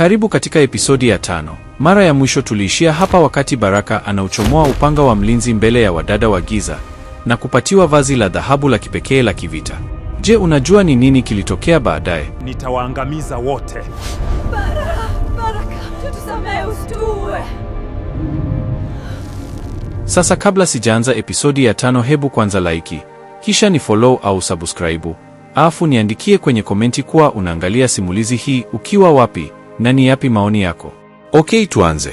Karibu katika episodi ya tano. Mara ya mwisho tuliishia hapa wakati Baraka anauchomoa upanga wa mlinzi mbele ya wadada wa giza na kupatiwa vazi la dhahabu la kipekee la kivita. Je, unajua ni nini kilitokea baadaye? Nitawaangamiza wote. Bara, Baraka, tusamehe usituue. Sasa kabla sijaanza episodi ya tano, hebu kwanza laiki, kisha ni follow au subscribe, afu niandikie kwenye komenti kuwa unaangalia simulizi hii ukiwa wapi na ni yapi maoni yako? Okay, tuanze.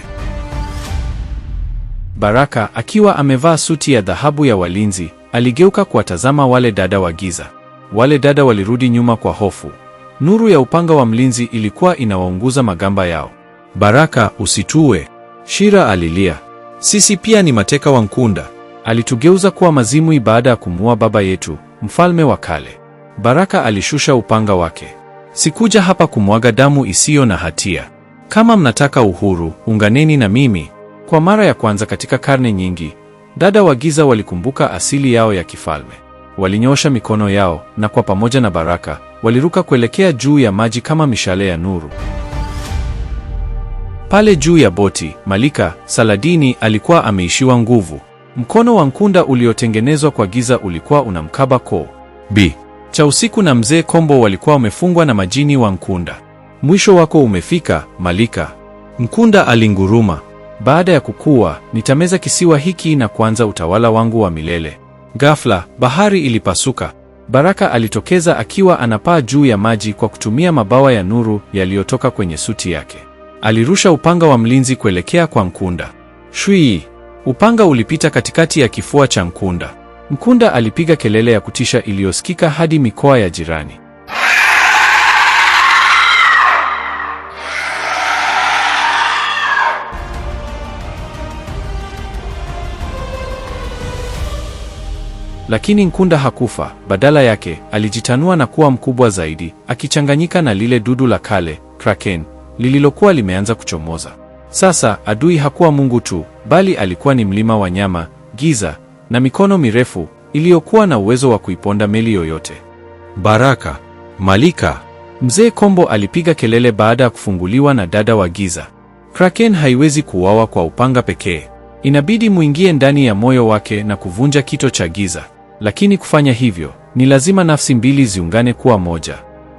Baraka akiwa amevaa suti ya dhahabu ya walinzi, aligeuka kuwatazama wale dada wa giza. Wale dada walirudi nyuma kwa hofu. Nuru ya upanga wa mlinzi ilikuwa inawaunguza magamba yao. Baraka, usitue, Shira alilia. Sisi pia ni mateka wa Nkunda. Alitugeuza kuwa mazimwi baada ya kumuua baba yetu, mfalme wa kale. Baraka alishusha upanga wake. Sikuja hapa kumwaga damu isiyo na hatia. Kama mnataka uhuru, unganeni na mimi. Kwa mara ya kwanza katika karne nyingi, dada wa giza walikumbuka asili yao ya kifalme. Walinyosha mikono yao na kwa pamoja na baraka, waliruka kuelekea juu ya maji kama mishale ya nuru. Pale juu ya boti, Malika Saladini alikuwa ameishiwa nguvu. Mkono wa Nkunda uliotengenezwa kwa giza ulikuwa unamkaba koo. Bi cha usiku na mzee Kombo walikuwa wamefungwa na majini wa Nkunda. Mwisho wako umefika, Malika, Nkunda alinguruma. Baada ya kukua, nitameza kisiwa hiki na kuanza utawala wangu wa milele. Ghafla bahari ilipasuka. Baraka alitokeza akiwa anapaa juu ya maji kwa kutumia mabawa ya nuru yaliyotoka kwenye suti yake. Alirusha upanga wa mlinzi kuelekea kwa Nkunda. Shwii! Upanga ulipita katikati ya kifua cha Nkunda. Mkunda alipiga kelele ya kutisha iliyosikika hadi mikoa ya jirani. Lakini Nkunda hakufa. Badala yake, alijitanua na kuwa mkubwa zaidi, akichanganyika na lile dudu la kale, Kraken, lililokuwa limeanza kuchomoza. Sasa adui hakuwa Mungu tu, bali alikuwa ni mlima wa nyama, giza na mikono mirefu iliyokuwa na uwezo wa kuiponda meli yoyote. Baraka, Malika, Mzee Kombo alipiga kelele baada ya kufunguliwa na dada wa giza. Kraken haiwezi kuuawa kwa upanga pekee. Inabidi muingie ndani ya moyo wake na kuvunja kito cha giza. Lakini kufanya hivyo, ni lazima nafsi mbili ziungane kuwa moja.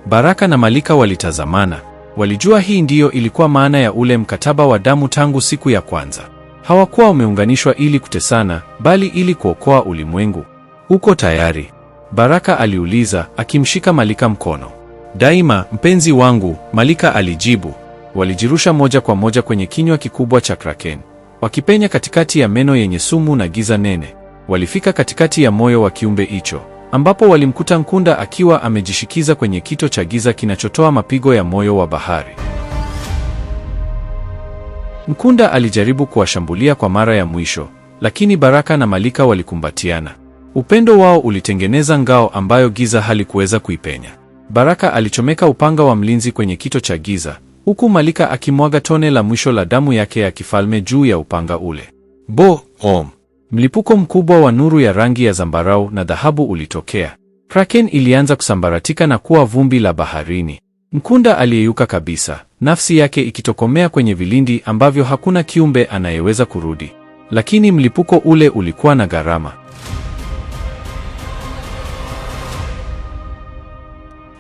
Baraka na Malika walitazamana. Walijua hii ndiyo ilikuwa maana ya ule mkataba wa damu tangu siku ya kwanza. Hawakuwa wameunganishwa ili kutesana, bali ili kuokoa ulimwengu. Uko tayari? Baraka aliuliza akimshika Malika mkono. Daima mpenzi wangu, Malika alijibu. Walijirusha moja kwa moja kwenye kinywa kikubwa cha Kraken, wakipenya katikati ya meno yenye sumu na giza nene. Walifika katikati ya moyo wa kiumbe hicho, ambapo walimkuta Nkunda akiwa amejishikiza kwenye kito cha giza kinachotoa mapigo ya moyo wa bahari. Mkunda alijaribu kuwashambulia kwa mara ya mwisho, lakini Baraka na Malika walikumbatiana. Upendo wao ulitengeneza ngao ambayo giza halikuweza kuipenya. Baraka alichomeka upanga wa mlinzi kwenye kito cha giza, huku Malika akimwaga tone la mwisho la damu yake ya kifalme juu ya upanga ule. Bo om! Mlipuko mkubwa wa nuru ya rangi ya zambarau na dhahabu ulitokea. Kraken ilianza kusambaratika na kuwa vumbi la baharini. Mkunda aliyeyuka kabisa, nafsi yake ikitokomea kwenye vilindi ambavyo hakuna kiumbe anayeweza kurudi. Lakini mlipuko ule ulikuwa na gharama.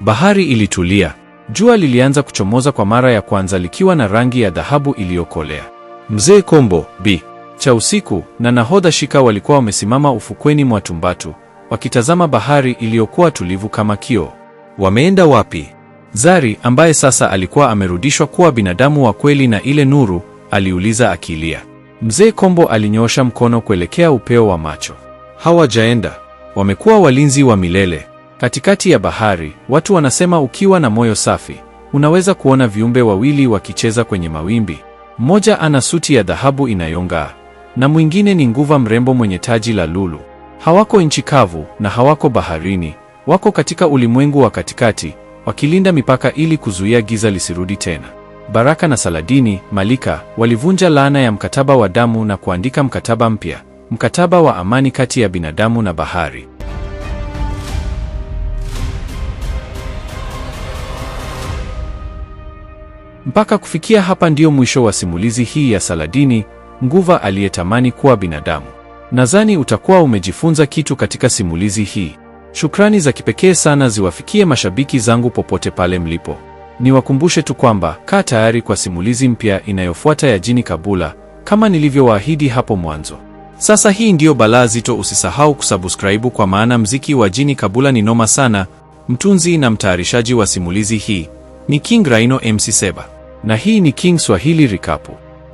Bahari ilitulia. Jua lilianza kuchomoza kwa mara ya kwanza likiwa na rangi ya dhahabu iliyokolea. Mzee Kombo, Bi Chausiku na nahodha Shika walikuwa wamesimama ufukweni mwa Tumbatu wakitazama bahari iliyokuwa tulivu kama kio. Wameenda wapi? Zari ambaye sasa alikuwa amerudishwa kuwa binadamu wa kweli na ile nuru, aliuliza akilia. Mzee Kombo alinyoosha mkono kuelekea upeo wa macho. Hawajaenda, wamekuwa walinzi wa milele. Katikati ya bahari, watu wanasema ukiwa na moyo safi, unaweza kuona viumbe wawili wakicheza kwenye mawimbi. Mmoja ana suti ya dhahabu inayong'aa na mwingine ni nguva mrembo mwenye taji la lulu. Hawako nchi kavu na hawako baharini, wako katika ulimwengu wa katikati wakilinda mipaka ili kuzuia giza lisirudi tena. Baraka na Saladini Malika walivunja laana ya mkataba wa damu na kuandika mkataba mpya, mkataba wa amani kati ya binadamu na bahari. Mpaka kufikia hapa ndiyo mwisho wa simulizi hii ya Saladini, nguva aliyetamani kuwa binadamu. Nadhani utakuwa umejifunza kitu katika simulizi hii. Shukrani za kipekee sana ziwafikie mashabiki zangu popote pale mlipo. Niwakumbushe tu kwamba kaa tayari kwa simulizi mpya inayofuata ya Jini Kabula kama nilivyowaahidi hapo mwanzo. Sasa hii ndiyo balaa zito. Usisahau kusubscribe kwa maana mziki wa Jini Kabula ni noma sana. Mtunzi na mtayarishaji wa simulizi hii ni King Rhino MC Seba, na hii ni King Swahili Recap.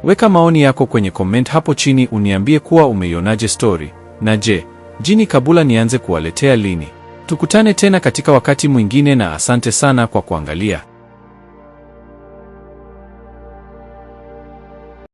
Weka maoni yako kwenye comment hapo chini, uniambie kuwa umeionaje story na je Jini Kabula nianze kuwaletea lini? Tukutane tena katika wakati mwingine na asante sana kwa kuangalia.